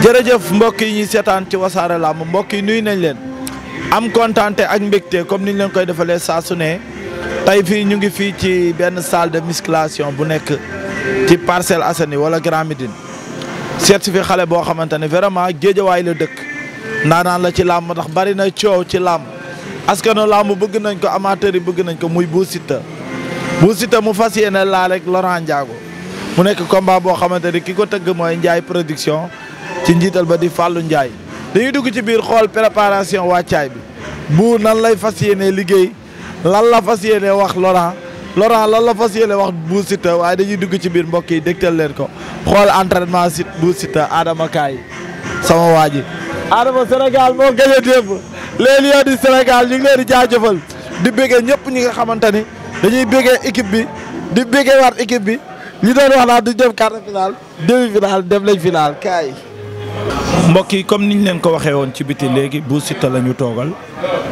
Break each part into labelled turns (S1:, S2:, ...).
S1: jërëjëf mbokk yi ñuy seetaan ci wasaare làmb mbokk yi nuyu nañ leen am kontaante ak mbégte comme niñ leen koy defalee saasu ne tey fii ñu ngi fii ci benn salle de musculation bu nekk ci Parcelles Assainies wala Grand Médine seet fi xale boo xamante ne vraiment géejawaay la dëkk ndaanaan la ci làmb ndax bari na coow ci làmb askanu làmb bëgg nañ ko amateur yi bëgg nañ ko muy Bou Siteu mu fas yéene laa rek Laurent Ndiago mu nekk combat boo xamante ni ki ko tëgg mooy Ndiaye production ci njiital ba di Fallou Ndiaye dañuy dugg ci biir xool préparation wàccaay bi buur nan lay fas yéene liggéey lan la fas yéene wax Laurent Laurent lan la fas yéene wax Bou Siteu waaye dañuy dugg ci biir mbokk yi dégtal leen ko xool entraînement sit Bou Siteu Adama Kaay sama waa ji Adama Sénégal moo gën a démb léegi yow di Sénégal ñu ngi leen di jaajëfal di béggee ñëpp ñi nga xamante ni dañuy béggee équipe bi di béggee waat équipe bi ñu doon wax naa di def quart de finale demi finale dem lañ mbokk yi comme niñ leen ko waxee woon ci biti léegi Bou Siteu la ñu toogal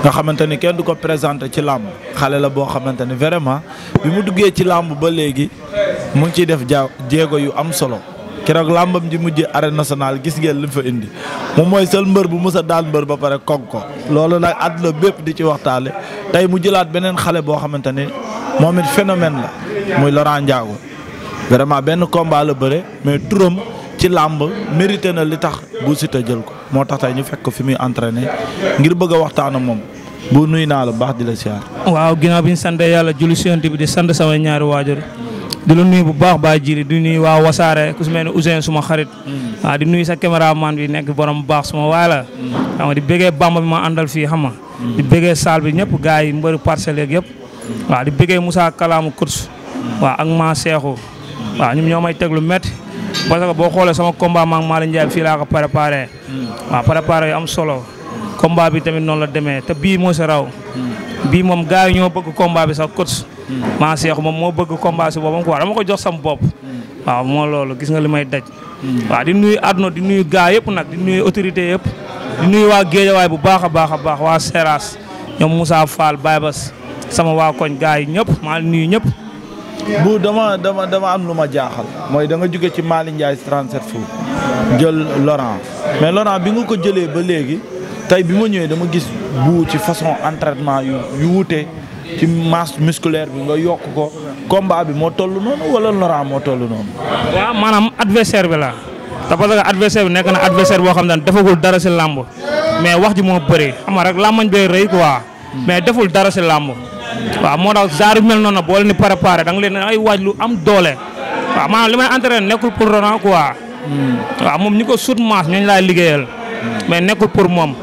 S1: nga xamante ni kenn du ko présenté ci làmb xale la boo xamante ni vraiment bi mu duggee ci làmb ba léegi mu ngi ciy def ja jéego yu am solo keroog làmbam ji mujj arène nationale gis ngeen li fa indi moom mooy sel mbër bu mës daal mbër ba pare kog ko loolu nag àdduna bépp di ci waxtaale tey mu jëlaat beneen xale boo xamante ni moom it phénomène la muy Laurent Ndiago vraiment benn combat la bëre ci làmb mérité na li tax bu Siteu jël ko moo tax tey ñu fekk ko fi muy entraîné ngir bëgg a waxtaan ak moom bu nuy naa la baax di la siyaar.
S2: waaw ginnaaw bi ñu sant yàlla julli si bi di sant sama ñaari waajur di la nuyu bu baax baa jili di nuyu waa wasaare ku su mel ne Ousin suma xarit. Mm. waaw di nuyu sa caméraman bi nekk borom baax suma waay la. Mm. xam di bëggee bamba bi ma àndal fii xam ma mm. di bëggee saal bi ñëpp gaa yi mbëri parcelles yeeg yëpp. waaw di bëggee Moussa Kalamu Kourse. waaw ak maa parce que boo xoolee sama combat maak Malick Ndiaye fii laa ko préparé. Hmm. waaw préparé yu am solo. combat bi tamit noonu la demee te bii moo si raw. Hmm. bii moom gars yi ñoo bëgg combat bi sax coach. Hmm. maa seex moom moo bëgg combat si boppam a dama ko jox sam bopp. waaw moo loolu gis nga li may daj. waaw di nuy àdduna di nuy gars yëpp nag di nuyu autorité yëpp. di nuyu waa waay bu baax a baax a baax waa Seras ñoom Moussa Fall Baybas sama waa koñ gars yi ñëpp ma nuyu ñëpp. bu
S1: dama dama dama am lu ma jaaxal mooy da nga jóge ci Mali Ndiaye 37 foot jël Laurent mais Laurent bi nga ko jëlee ba léegi tey bi ma ñëwee dama gis bu ci façon entraînement yu yu wuute ci masse musculaire bi nga yokk ko combat bi moo toll
S2: noonu wala Laurent moo toll noonu. waaw maanaam adversaire bi la te parce que adversaire bi nekk na adversaire boo xam ne defagul dara si làmb mais wax ji moo bëri xam nga rek làmmañ bay rëy quoi hmm. mais deful dara si làmb. waaw moo tax genre mel noonu boo leen di préparé da leen ay waaj am doole waaw maanaam li may entraîné nekkul pour Laurent ah, quoi. waaw moom ñu ko sut maas ñooñu laay liggéeyal. mais nekkul pour moom.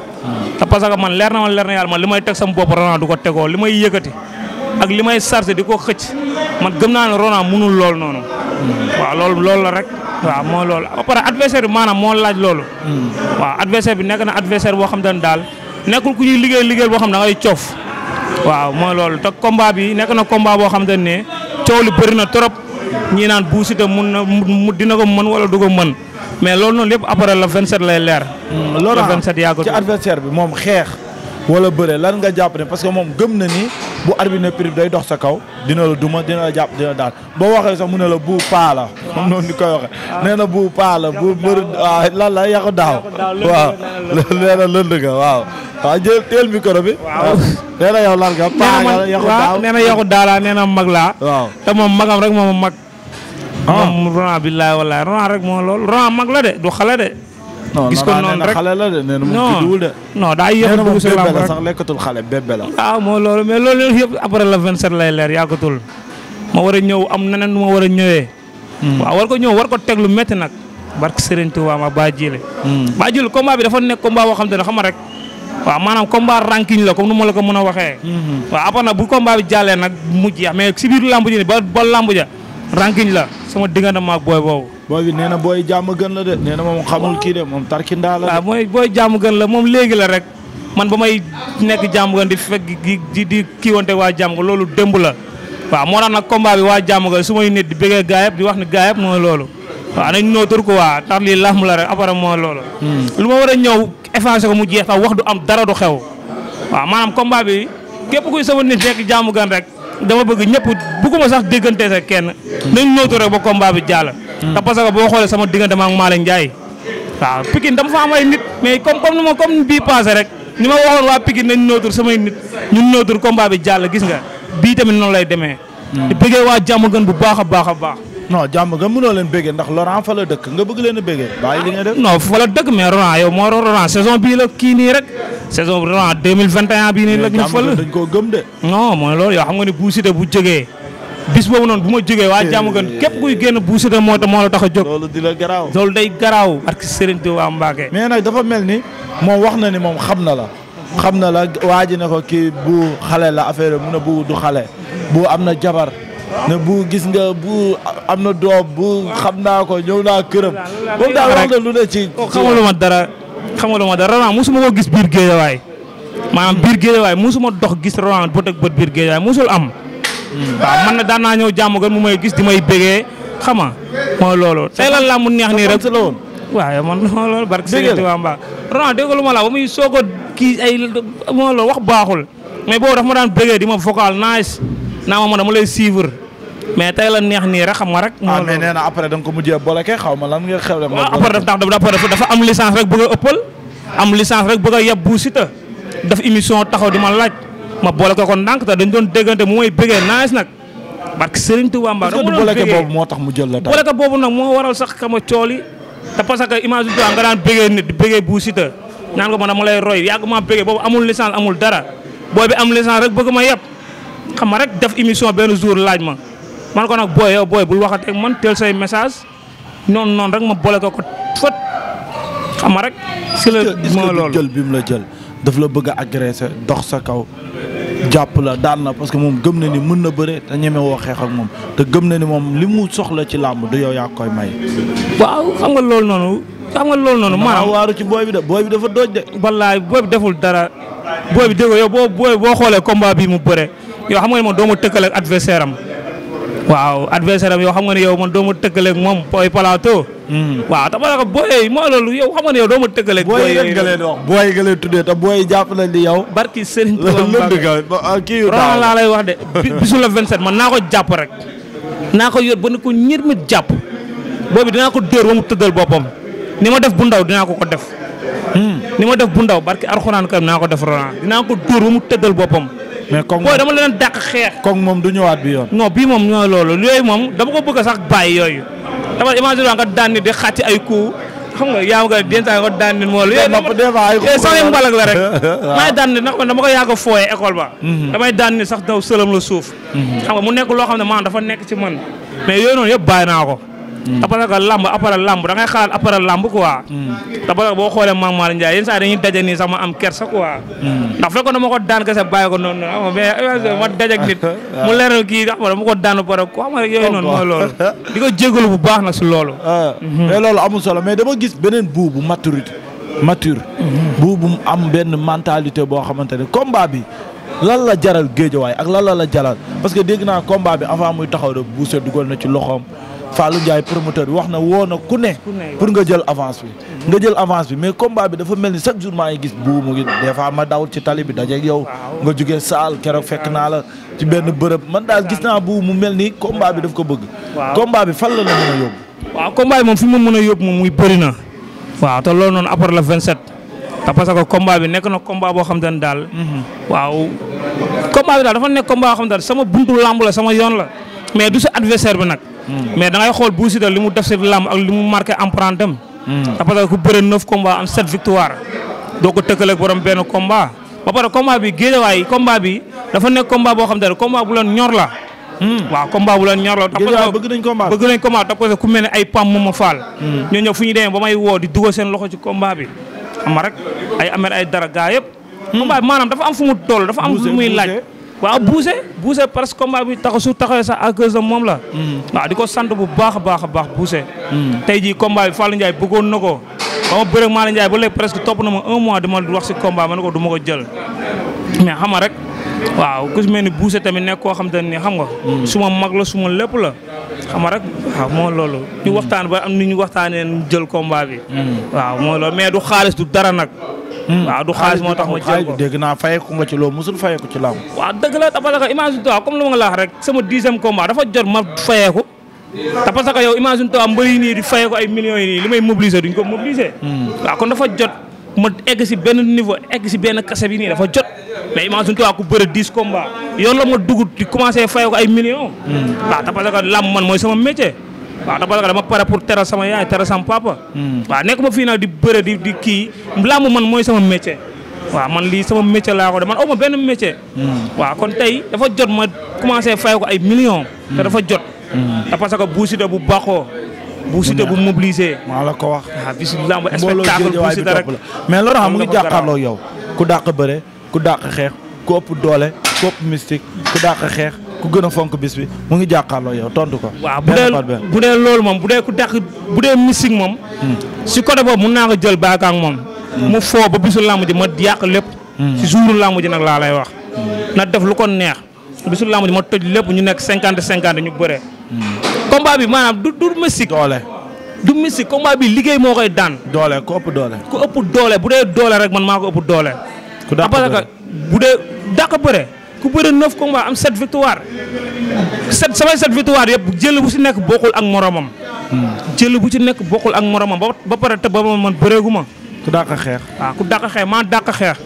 S2: te parce que man leer na ma leer man li may teg sama bopp Laurent ah du ko tegoo li may yëkkati ak li may chargé di ko xëcc man gëm naa ne Laurent ah mënul lool noonu. waaw loolu lool la rek. waaw moo loolu ba pare adversaire bi maanaam moo laaj loolu. Hmm. waaw adversaire bi na adversaire boo xam ne daal nekkul ku ñuy liggéey liggéey boo waaw mooy loolu te combat bi nekk na combat boo xamante ne coow lu bëri na trop ñii naan Bou Siteu mun na mu dina ko mën wala du ko mën mais loolu noonu lépp après le 27 lay leer. loolu la 27 yaa ko ci adversaire bi moom xeex. wala bëre lan nga
S1: jàpp ne parce que moom gëm na ni bu arbitre ne prix day dox sa kaw dina la duma dina la jàpp dina daal boo waxee sax mun ne la bu paa la. waaw noonu ñu koy waxee. nee na bu paa la bu mbër lan la yàqu daaw. waaw nee waaw. waa jël teel micro bi. waaw ah, nee na yow lan nga. paa nga yàqu daaw nee
S2: na yàqu daal laa nee na mag laa. te moom magam rek moom mag. Ah. moom Ronald billaay wallaay rek moo lool Ronald mag la de du xale de. gis ko noonu rek xale la de nee daa yéex a dugg si làmb rek sax lekkatul xale bébé la. waaw ah, moo loolu mais loolu yëpp après le 27 lay leer yàggatul. ma war a ñëw am neneen nu ma war a ñëwee. Hmm. waaw war ko ñëw war ko teg lu métti nag. barke Serigne Touba ma baa jile. Hmm. baa jile combat bi dafa nekk combat boo xam te ne waaw maanaam combat ranking la comme nu ma la ko mën a waxee. Mhm. waaw après nag bu combat bi jàllee nag mu jeex mais si biir lamb ji ba ba lamb ja ranking la sama diggante maag booy boobu. booy bi nee na booy jàmb gën la de nee na moom xamul kii de moom tarkindaa la. waaw mooy booy jàmm gën la moom léegi la rek man ba may nekk jàmm gën di fekk di di kiiwante waa jàmm loolu dëmb la waaw moo tax nag combat bi waa jàmm gën su may nit di bëggee gaa yëpp di wax ne gaa yëpp loolu. waaw nañ noo tur ko waa ndax lii laxmu la rek apparemment loolu. Hmm. lu ma war a ñëw effacé ko mu jeex tax wax du am dara du xew. waaw maanaam combat bi képp kuy sama nit nekk jaamu gan rek dama bëgg ñëpp bëgguma sax déggante sa kenn. nañ noo tur ba combat bi jàll. te hmm. parce que boo xoolee sama diggante ma ak Malick Ndiaye. waaw Pikine dama fa am ay nit mais comme comme ni ma comme bii passé rek ni ma waxoon waa Pikine nañ nootur samay nit ñun nootur combat bi jàll gis nga bii tamit noonu lay demee. Hmm. di bëggee waa jàmm gën bu baax a baax baax. non jàmm nga mënoo leen
S1: béggee ndax Laurent fa la dëkk nga bëgg leen a béggee bàyyi li nga def. non fa la
S2: dëkk mais Laurent yow moo Laurent saison bii la kii rek saison Laurent 2021 bii nii la ñu fa dañ koo gëm de. non mooy loolu yow xam nga ne Bou Siteu bu jógee bis boobu noonu bu ma jógee waa jàmm gën képp kuy génn Bou Siteu moo moo la tax a jóg. loolu day garaaw. ak Serigne Touba
S1: Mbacké. mais nag dafa mel ni moom wax na ni moom xam na la. xam na la waa ji ne ko kii bu xale la affaire bi mu ne bu du na jabar ne bu gis nga
S2: bu am na doom bu xam naa ko ñëw naa këram. moom daal wax na lu ne ci. xamaluma dara ma dara Roland musuma ko gis biir géejawaay maanaam biir géejawaay musuma dox gis Roland bët ak bët biir géejawaay musul am. waaw man na daan naa ñëw jàmm gan mu may gis di may bégee xam nga mooy loolu. tey lan laa mu neex nii rek waaw ma la ba muy soog a kii ay moo loolu wax baaxul mais boobu dafa ma daan bégee di ma vocal nice naa ma mais tey la neex nii rek xam nga rek. ah mais nee na après da nga ko mujjee boleke xaw ma lan nga xew rek. waaw ah, après dafa dafa a ëppal am licence rek bëgg a yeb bu Siteu daf émission taxaw di ma laaj ma boole ko da nga doon bëggee boobu moo tax la. booleke daan bëggee nit di bëggee bu Siteu naan ko ma dama lay roy yàgg maa bëggee boobu amul licence amul dara boobu am licence rek bëgg ma yeb xam nga rek def émission benn jour laaj ma man ko nag booy booy bul waxateeg man teel say message noonu noonu rek ma boole ko ko fët xam rek.
S1: si la mooy jël bi mu la jël daf la bëgg a agressé dox sa kaw. jàpp la daan na parce que moom gëm na mën na bëre te ñeme woo xeex moom te gëm na ni moom li mu soxla ci làmb du yow yaa koy may. xam nga loolu noonu. xam nga loolu noonu.
S2: maanaam waaru ci booy bi de booy bi dafa doj de. wallaay booy bi deful dara booy bi déggoo yow boo booy boo xoolee combat bii mu bëre yow xam nga ne moom doo ma tëkkale ak adversaire am. waaw adversaire am yow xam nga ne yow man doo ma moom hmm. booy plateau. waaw te ma ne moo loolu yow xam nga ne yow doo ma tëkkaleeg. gëlee doon booy yi ngeen tuddee yow. barki Serigne Touba ah, ronal laa lay wax de bisu la 27 man naa ko jàpp rek. naa ko yor ba ni ko ñir mi jàpp boobu dinaa ko dóor ba mu tëddal boppam ni ma def bu ndaw dinaa ko ko def. Hmm. ni ma def bu ndaw barki arxuraan kam naa ko def ronal dinaa ko dóor ba mu tëddal boppam. mais comme booy dama leen dàq xeex. kon moom du ñëwaat bi yoon. non bii moom ñooy loolu yooyu moom dama ko bëgg sax bàyyi yooyu. dama imagine waa nga daan ni di xàcc ay coups xam nga yaa nga den saa nga daan ni moo la. yooyu dama sama yëngu mbalag la rek. may ah. daan ni ndax man dama ko yaa ko fooyee école ba. Mhm. damay daan ni sax daw la suuf. Mhm. xam nga mu nekk loo xam ne maanaam dafa nekk ci man. mais yooyu noonu yëpp bàyyi ko Mm. après que lamb après lamb da ngay xalaat après lamb quoi. Mm. te ba boo xoolee Mame Malick Ndiaye yenn saa dañuy daje nii sax ma am kersa waa mm. ndax fekkoon na ma ko daan kese bàyyi ko noonu ah mais eh, eh, ma dajeeg nit. mu leeral kii xam nga ma ko daan ba pare quoi ma noonu mooy loolu.
S1: Oh, di ko jégalu bu baax nag si loolu. Ah, mhm. mais loolu amul solo mais dama gis beneen bu maturité mature. Mhm. buubu am benn mentalité boo xamante ne combat bi. lan la jaral géejawaay ak lan la la jaral parce que dégg naa combat bi avant muy taxaw de buuse dugal na ci loxoom Fallou Ndiaye promoteur bi wax na woo na ku ne pour mhm. nga jël avance bi mais combat bi dafa mel ni chaque jour a ngi gis bu mu ngi des fois ma daw ci tali bi dajeeg yow nga jugee saal keroog fekk naa la ci benn bërëb man daal gis naa bu mu mel ni combat bi daf ko bëgg
S2: combat bi fan la la mën a yóbbu waaw combat bi moom fi mu mën a yóbbu moom muy bëri na waaw te loolu noonu après le 27 te parce que combat bi nekk na combat boo xam te ne daal mhm. waaw combat bi daal dafa nekk combat boo xam te ne yoon la mais du bi nag Mm. mais da ngay xool Bou Siteu li mu def si làmb ak li mu marqué empreinte am. Mm. parce que ku bëre neuf combats am sept victoire doo ko tëkkaleeg borom benn combat. ba pare combat bi géejawaay combat bi dafa nekk combat boo xam te ne combat bu leen ñor la. Mm. waaw combat bu leen ñor la. bëgg nañ combat bëgg nañ combat ku mel ni ay PAM moom a faal. ñoo ñëw fu ñu demee ba may woo di dugal seen loxo ci combat bi xam ay amer ay dara gaa yëpp. combat bi maanaam dafa am fu mu toll dafa am fu muy laaj. waaw Boucher Boucher parce que combat bi taxaw su taxawee sax à cause moom la. Mm. waaw di ko sant bu baax a baax a baax Boucher. Mm. tey jii combat bi Fallou Ndiaye na ko ba ma bëre Malick Ndiaye ba presque topp na ma un mois dama wax si combat ma ne ko du ma ko jël mais xam rek. waaw ku si tamit nekk koo xam te ne xam nga. Mm. suma mag la suma lépp la. xam nga rek waaw moo loolu. ñu waxtaan ba am ni ñu waxtaanee jël combat bi. waaw moo loolu mais du xaalis du Mm. waaw du xaalis moo tax ma jéem ko dégg naa fayeku nga ci loolu mosul fayeku ci làmb. waaw dëgg la dama la ko imagine toi comme lu ma nga laax rek sama dixième combat dafa jot ma fayeku te i que yow imagine toi mbër yi nii di fayeku ay millions yi nii li may mobiliser duñ ko mobiliser. Mm. waaw kon dafa jot ma egg si benn niveau egg si benn kase bi nii dafa jot mais imagine toi ku bëre dix combat yoon la ma dugg di commencé fayeku ay millions. Mm. waaw te man mooy sama métier. waaw ndax parce que dama pare pour teral sama yaay teral sama papa. Hmm. waaw nekk ma fii nag di bëre di di kii làmb man mooy sama métier. waaw man lii sama métier laa ko de man aw ma benn métier. Hmm. waaw kon tey dafa jot ma commencé fay ko ay millions. te hmm. dafa jot. te parce que bu baaxoo. Bou Siteu bu mobilisé. maa la ko wax. ah bis làmb spectacle Bou rek mais loolu xam nga jàkkaarloo
S1: yow. ku dàq bëre ku dàq xeex ku ëpp
S2: doole ku ëpp mystique ku dàq xeex. ku gën a fonk bis bi
S1: mu ngi jàkkaarloo yow tontu ko.
S2: waaw bu dee bu dee loolu moom bu dee ku dàq bu dee musique moom. Hmm. si côté boobu mun naa jël baaka moom. Hmm. mu foo ba bisu làmb ma yàq lépp. Hmm. si jouru làmb ji nag laa lay wax. na def lu ko neex bisu làmb ma toj lépp ñu nekk cinquante cinquante ñu bëree. combat bi maanaam du du musique. doole du musique combat bi liggéey moo koy daan. doole ku ëpp doole. ku ëpp doole bu dee doole rek man maa ko ëpp doole. ku dàq bëre bu dee dàq bëre. ku bëre neuf combats am sept victoire sept samay sept victoire yëpp jël bu ci nekk bokkul ak moromam. jël bu ci nekk bokkul ak moromam ba pare te ba ma man bëreegu ma. ku dàq xeex. waaw ah, ku dàq xeex maa dàq xeex.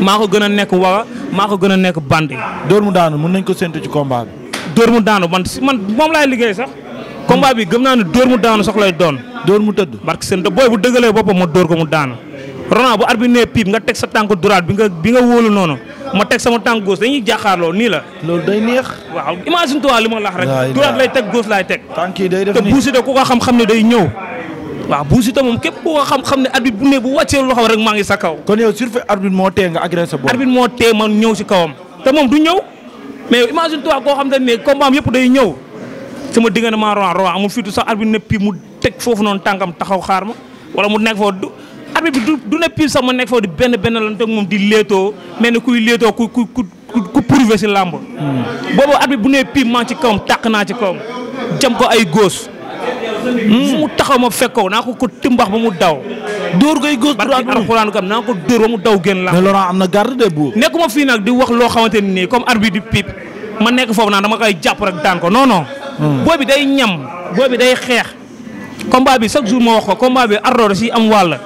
S2: maa ko gën a nekk wara maa ko gën a nekk bandi. dóor mu daanu mën nañ ko séntu ci combat bi. dóor mu daanu man si man moom laay liggéey sax. combat bi gëm naa ne dóor mu daanu sax lay doon. dóor mu tëdd. barke seen booy bu dëggalee boppam ma dóor ko mu daanu. Rona bu arbitre nee pipe nga teg sa tànk droite bi nga bi nga wóolu noonu ma teg sama tànk gauche dañuy jàkkaarloo nii la. loolu day neex. waaw imagine toi li ma lax rek. droite lay teg gauche laay teg. te Bou Siteu xam-xam ne day ñëw. waaw Bou Siteu moom képp ku ko xam-xam ne arbitre bu ne bu wàccee loxo rek maa ngi sa kaw. kon yow surfe arbitre moo tee nga agressé sa bopp. arbitre moo tee man ñëw si kawam. te moom du ñëw mais imagine toi koo xam ne combat am yëpp day ñëw sama diggante maa Roi Roi amul fitu sax arbitre ne pipe foofu noonu tànkam taxaw xaar ma mu nekk arbitre du ne Pire sax ma nekk foofu di benn benn lan toog moom di léetoo mel ni kuy léetoo ku ku ku ku prouvé si làmb hmm. boobu arbitre bu nee Pire maa ci kawam tàq naa ci kawam jam ko ay góos hmm. mu taxaw ma fekkow naa ko ko timbax ba mu daw dóor koy góos droit bi alxuraan kam ba mu daw génn làmb mais Laurent am na garde de bu fii nag di wax loo xamante ni nii comme arbitre di Pire ma nekk foofu naan dama koy jàpp rek daan ko non hmm. boobi day ñam boobi day xeex combat bi chaque jour ma wax ko combat bi ardoor si am wàll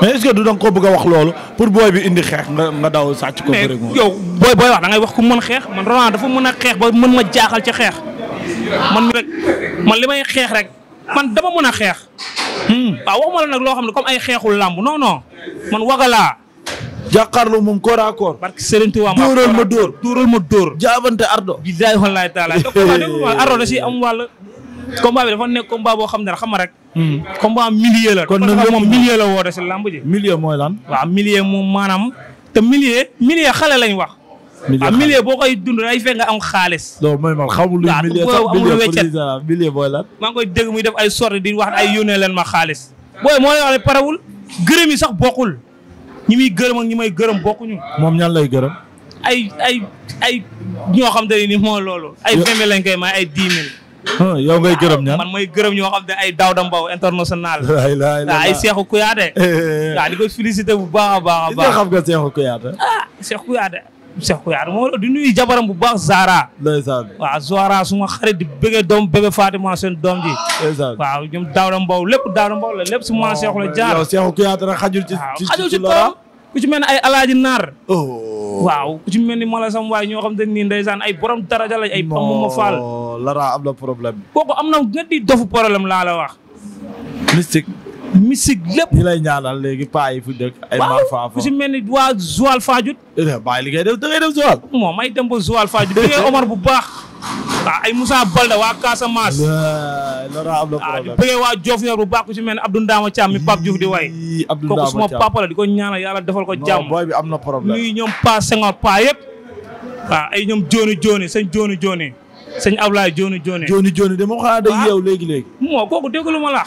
S2: mais est-ce que du danga ko bëgg a wax loolu pour booy bi indi xeex nga nga daw sàcc ko. bëri mais yow booy booy wax da wax ku man xeex man Ronald dafa man a xeex ba man ma jaaxal ca xeex man mi rek man li may xeex rek man dama mën a xeex. Hmm. waaw waxuma la nag loo xam ne comme ay xeexu làmb non non man wagalaa. jàkkaarloo moom corps à corps. parce que Serigne Touba ma dóoral ma dóor dóoral ma dóor. jaabante ardo. billahi wallahi taala ardo da si am wàll combat bi dafa nekk boo xam ne rek xam rek. Hmm. combat millier la. kon nag moom millier la woote si lamb ji. millier mooy lan. waaw millier moom maanaam. te millier millier xale lañ wax. millier millier boo koy dund ay fekk am xaalis. non mooy man xamul luy millier sax millier booy lan. maa ngi koy dégg muy def ay sorte di wax ay yónnee leen ma xaalis. booy moo lay wax ne parewul gërëm yi sax bokkul ñi muy gërëm ak ñi may gërëm bokkuñu. moom ñan lay gërëm. ay ay ay ñoo xam te ne nii loolu. ay vingt lañ koy may ay dix yow ngay gërëm ñaan man gërëm ñoo xam ne ay Daouda international ay Cheikhou Kouyaté eh. waaw di ko bu baax a baax a baax xam nga Cheikhou Kouyaté ah Cheikhou Kouyaté Cheikhou Kouyaté moom di nuyu jabaram bu baax Zara ndeysaan waaw Zara suma xarit di bëggee doom bébé Fatima seen doom ji ndeysaan waaw ñoom Daouda Mbow lépp Daouda Mbow la jaar yow Cheikhou Kouyaté nag xajul ci xajul ci ku ci mel ay Alaaji Naar oh. waaw ku ci mel ni mala sam waay ñoo xam te nii ndeysaan ay borom daraja lañ ay pamuma faal
S1: Lara am na problème
S2: kooku am na nga di dofu problème laa la wax
S1: mystique mystique lépp ñi lay ñaanal
S2: léegi paa yi fu dëkk ay marfa fa ku ci mel ni waa Joal Fadiouth eh, bàyyi li ngay def da ngay def bu baax waaw ah, ay Moussa Balde waa Casamance. loolu am na problème di bëggee waa Diof bu baax ku ci mel ne Abdou Ndama Thiam mi Pape Diouf di waay. Abdou Ndama Thiam kooku suma papa la di ko ñaanal yàlla defal ko jàmm. booy bi am na problème ñuy ñoom Pa Senghor Pa yëpp. waaw ah, ay ñoom Joni Joni sëñ Joni Joni. sëñ Ablaye Joni Joni. Joni Joni de moom xanaa day ah. yeew léegi léegi. moo kooku déglu ma la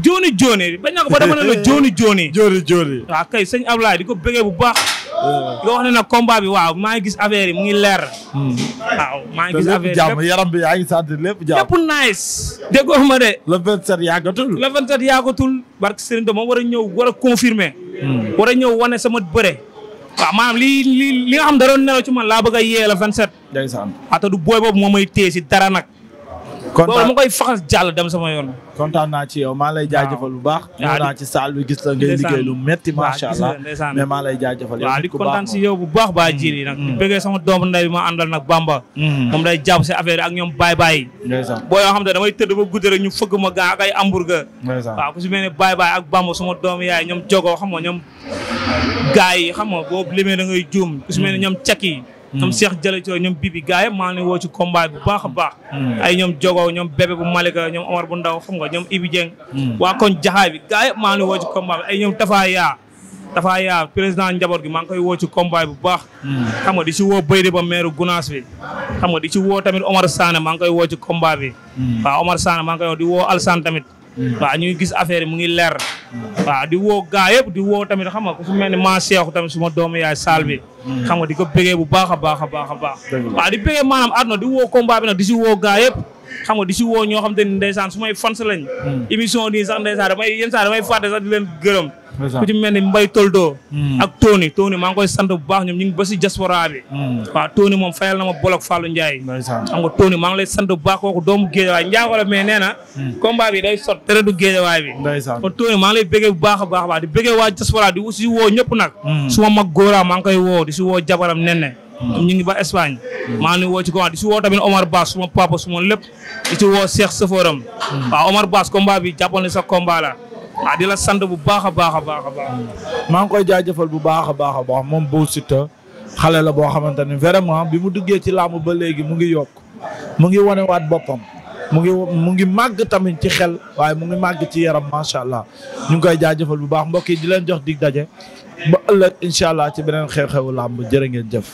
S2: Joni Joni bañ na ko ba dama ne la Joni Joni. Joni Joni. waaw kay sëñ Ablaye di ko bëggee bu baax. nga wax ne nag combat bi waaw maa ngi gis affaire yi mu ngi leer. Hmm. waaw maa ngi gis affaire yi jàmm yaram bi yaa ngi sant lépp jàmm lépp nice. déggoo ma de. le 27 yàggatul. le 27 yàggatul. barke Serigne dama war a ñëw war a confirmer. Hmm. war a ñëw wane sama bëre. waaw maanaam li li li nga xam da doon nelaw ci man laa bëgg a yee le 27. ndeysaan ata du booy boobu moo may téye dara nag. kontaan mu koy faxas
S1: jàll dem sama yoon. kontaan naa ci yow maa lay jaajëfal bu baax. ñëw ci saal gis la ngay liggéey lu metti macha allah mais maa lay jaajëfal yow. waaw di kontaan yow bu baax baa yi nag. di mm-hmm. bëggee
S2: sama doomu ndey bi ma àndal nag Bamba. Mm-hmm. moom day jàpp si affaire ak ñoom Baye baay ndeysaan boo yoo xam ne damay tëdd ba guddi rek ñu fëgg ma gaa ak ay hamburger. ndeysaan ku si mel ne Baye Baye ak Bamba sama doom yaay ñoom Jogo xam nga ñoom. gaa yi xam nga boo limee da ngay juum ku si mel ne ñoom cek ñoom hmm. Cheikh Jalle Thioye ñoom Bibi gaay maa ngi woo ci combat bu baax a baax. Hmm. ay ñoom Jogo ñoom Bébé bu Malika ñoom Omar bu Ndaw xam nga ñoom Ibi hmm. waa kon jaxaay bi gaay maa ngi woo ci combat ay ñoom Tafa Yaa. Tafa Yaa président gi maa ngi koy woo ci combat bu baax. xam nga di ci woo Bayde ba maire Gunaas bi. xam nga di ci woo tamit Omar Sané maa ngi koy woo ci combat bi. waaw Omar Sané maa ngi koy woo di tamit. Mm. waaw ñuy gis affaire yi mu ngi leer. Mm. waaw di woo gaa yëpp di woo tamit xam nga ku mel ni maa seexu tamit suma doom yaay saal bi. Mm. xam nga di ko bégee bu baax a baax a baax a baax. waaw di bégee maanaam àdduna di woo combat bi nag di si woo gaa yëpp. xam nga di si woo ñoo xam te ni ndeysaan su may fans lañ. émission nii sax ndeysaan damay yenn saa damay fàtte sax di leen gërëm. ku ci mel ni Mbay Toldo hmm. ak Tony Tony maa ngi koy sant bu baax ñoom ñu ba si diaspora bi hmm. waaw Tony moom fayal ma bolok Fallou Ndiaye xam nga Tony maa kooku doomu géejawaay njaago la mais nee na hmm. combat bi day sot tere du géejawaay bi kon Tony maa ngi lay baax a baax di béggee waa diaspora di si woo ñëpp nag su ma mag góoraa maa woo di si woo jabaram nenne ñu ba Espagne maa ngi woo ci combat di si woo tamit Omar Bass suma papa ah di la sant bu baax a baax a baax a baax.
S1: maa ngi koy jaajëfal bu baax a baax a baax moom Bou Siteu xale la boo xamante ni vraiment bi mu duggee ci làmb ba léegi mu ngi yokk mu ngi wanewaat boppam mu ngi mu ngi màgg tamit ci xel waaye mu ngi màgg ci yaram macha allah ñu ngi koy jaajëfal bu baax mbokk yi di leen jox dig daje ba ëllëg incha allah ci beneen xew-xewu làmb jërë ngeen jëf.